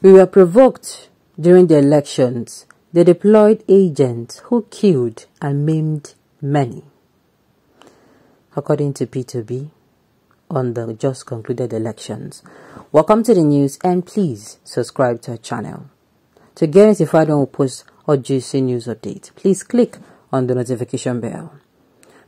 We were provoked during the elections. They deployed agents who killed and maimed many. According to P2B, on the just concluded elections. Welcome to the news and please subscribe to our channel. To get notified when we post or juicy news update, please click on the notification bell.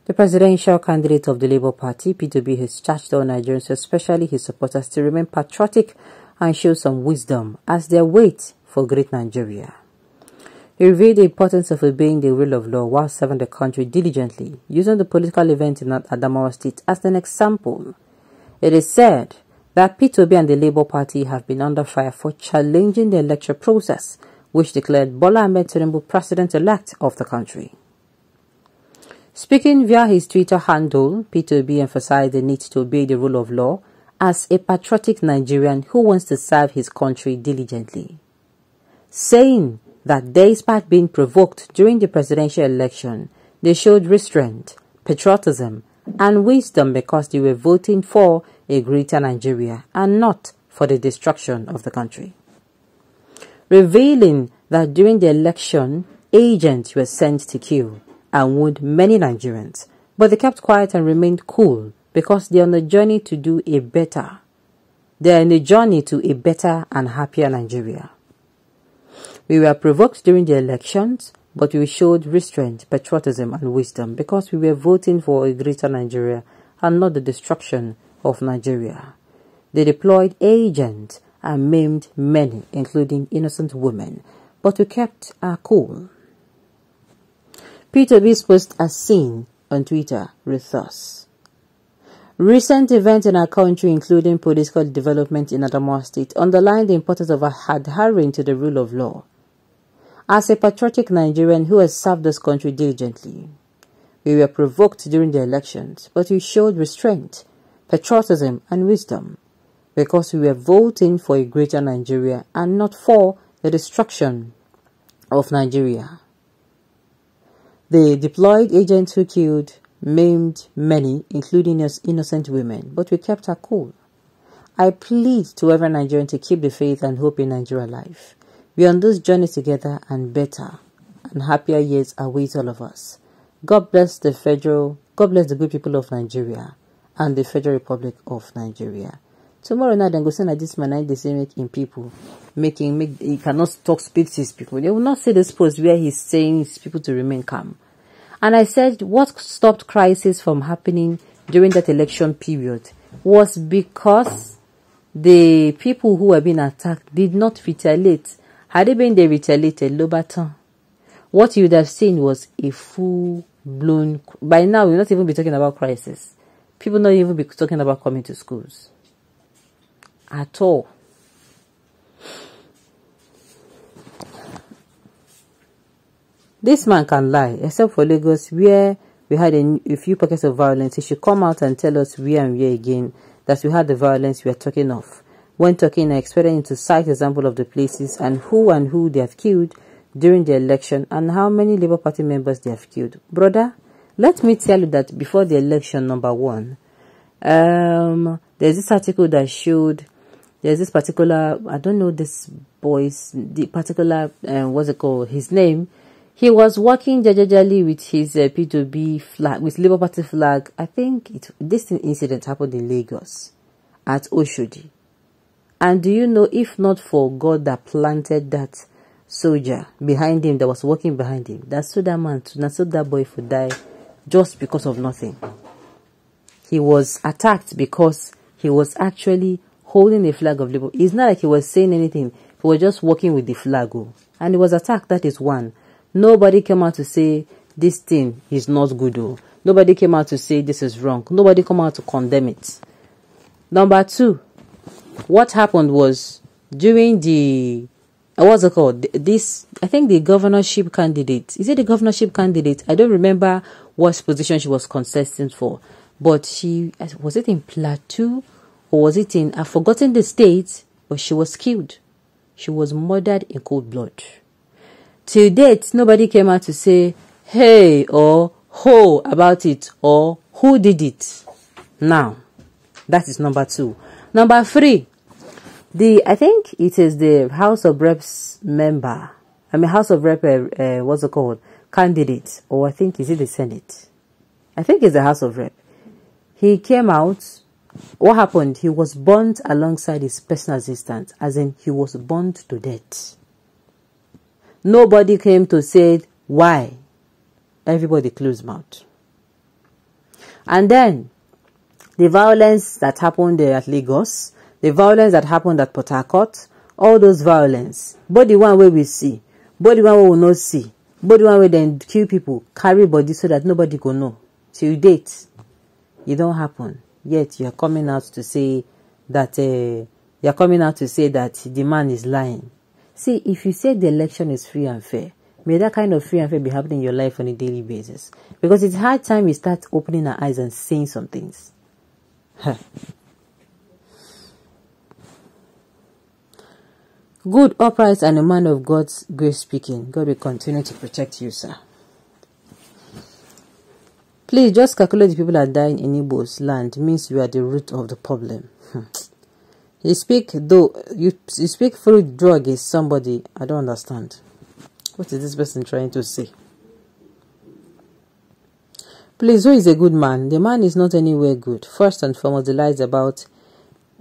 The presidential candidate of the Labour Party, P2B, has charged all Nigerians, especially his supporters, to remain patriotic and show some wisdom as they wait for great Nigeria. He revealed the importance of obeying the rule of law while serving the country diligently, using the political event in Adamawa State as an example. It is said that P2B and the Labour Party have been under fire for challenging the election process, which declared Bola Ahmed Tinubu president-elect of the country. Speaking via his Twitter handle, P2B emphasized the need to obey the rule of law as a patriotic Nigerian who wants to serve his country diligently, saying that despite being provoked during the presidential election, they showed restraint, patriotism, and wisdom because they were voting for a greater Nigeria and not for the destruction of the country. Revealing that during the election, agents were sent to kill and wound many Nigerians, but they kept quiet and remained cool because they're on a journey to do a better. They're on a journey to a better and happier Nigeria. We were provoked during the elections, but we showed restraint, patriotism, and wisdom because we were voting for a greater Nigeria and not the destruction of Nigeria. They deployed agents and maimed many, including innocent women, but we kept our cool. Peter B's post as seen on Twitter with us. Recent events in our country, including political development in Adamawa State, underline the importance of adhering to the rule of law. As a patriotic Nigerian who has served this country diligently, we were provoked during the elections, but we showed restraint, patriotism, and wisdom because we were voting for a greater Nigeria and not for the destruction of Nigeria. The deployed agents who killed maimed many, including innocent women, but we kept our cool. I plead to every Nigerian to keep the faith and hope in Nigeria Life. We are on this journey together and better and happier years await all of us. God bless the federal, God bless the good people of Nigeria and the Federal Republic of Nigeria. Tomorrow night, I'm going to this man I they say in people, making, make, he cannot talk, speak to his people. They will not see this post where he's saying his people to remain calm. And I said what stopped crisis from happening during that election period was because the people who were being attacked did not retaliate. Had they been they retaliated, Lobaton, what you would have seen was a full blown. By now, we'll not even be talking about crisis. People not even be talking about coming to schools at all. This man can lie, except for Lagos, where we had a, a, few pockets of violence. He should come out and tell us where and where again that we had the violence we are talking of. When talking, I expected him to cite example of the places and who and who they have killed during the election and how many Labour Party members they have killed. Brother, let me tell you that before the election, number one, um, there's this article that showed there's this particular I don't know this boy's the particular uh, what's it called his name he was working jejely with his uh, P2B flag, with Labour Party flag. I think it, this incident happened in Lagos at Oshodi. And do you know, if not for God that planted that soldier behind him, that was walking behind him, that so that man, that so that boy would die just because of nothing. He was attacked because he was actually holding the flag of Labour. It's not like he was saying anything. He was just walking with the flag. Oh. And he was attacked. That is one. Nobody came out to say this thing is not good. oh. Nobody came out to say this is wrong. Nobody came out to condemn it. Number two, what happened was during the uh, what's it called? This I think the governorship candidate. Is it the governorship candidate? I don't remember what position she was contesting for, but she was it in Plateau or was it in I've forgotten the state, but she was killed. She was murdered in cold blood. Till date, nobody came out to say, hey or ho about it or who did it. Now, that is number two. Number three, the I think it is the House of Reps member. I mean, House of Rep, uh, uh what's it called? Candidate, or I think is it the Senate? I think it's the House of Rep. He came out. What happened? He was burnt alongside his personal assistant, as in he was burnt to death. Nobody came to say why. Everybody closed mouth. And then the violence that happened there at Lagos, the violence that happened at Port Harcourt, all those violence, body the one where we see, body the one way we not see, body the one where they kill people, carry body so that nobody go know. Till date, it don't happen. Yet you are coming out to say that uh, you are coming out to say that the man is lying. See, if you say the election is free and fair, may that kind of free and fair be happening in your life on a daily basis. Because it's high time we start opening our eyes and seeing some things. Good, upright, and a man of God's grace speaking. God will continue to protect you, sir. Please just calculate the people that die in Igbo's land means you are the root of the problem. You speak though you, you speak through drug is somebody. I don't understand. What is this person trying to say? Please, who is a good man? The man is not anywhere good. First and foremost, the lies about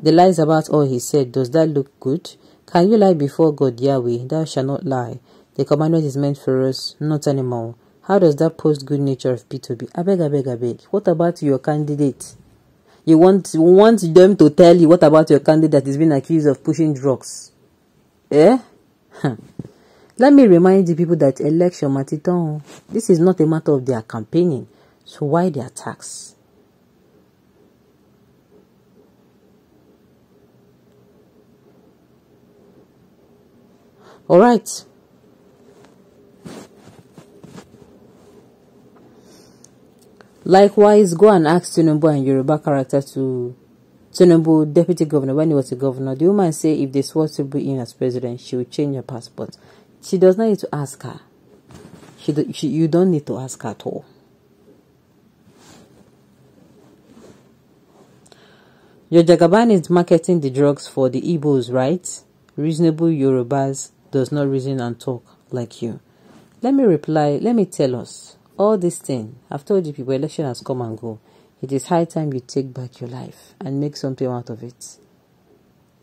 the lies about all he said. Does that look good? Can you lie before God, Yahweh? Thou shalt not lie. The commandment is meant for us, not anymore How does that post good nature of P2B? I beg, I beg, I beg. What about your candidate? You want you want them to tell you what about your candidate that is being accused of pushing drugs? Eh? Let me remind the people that election matiton. This is not a matter of their campaigning. So why the attacks? All right. Likewise, go and ask Tinubu and Yoruba character to Tinubu, deputy governor, when he was a governor. The woman say if they swore to be in as president, she will change her passport. She does not need to ask her. She, do, she you don't need to ask her at all. Your Jagaban is marketing the drugs for the Igbos, right? Reasonable Yorubas does not reason and talk like you. Let me reply, let me tell us. All this thing, I've told you people, election has come and go. It is high time you take back your life and make something out of it.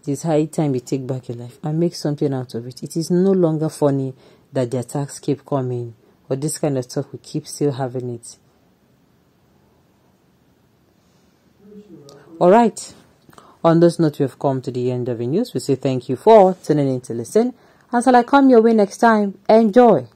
It is high time you take back your life and make something out of it. It is no longer funny that the attacks keep coming or this kind of stuff. we keep still having it. All right. On this note, we have come to the end of the news. We say thank you for tuning in to listen. Until I come your way next time, enjoy.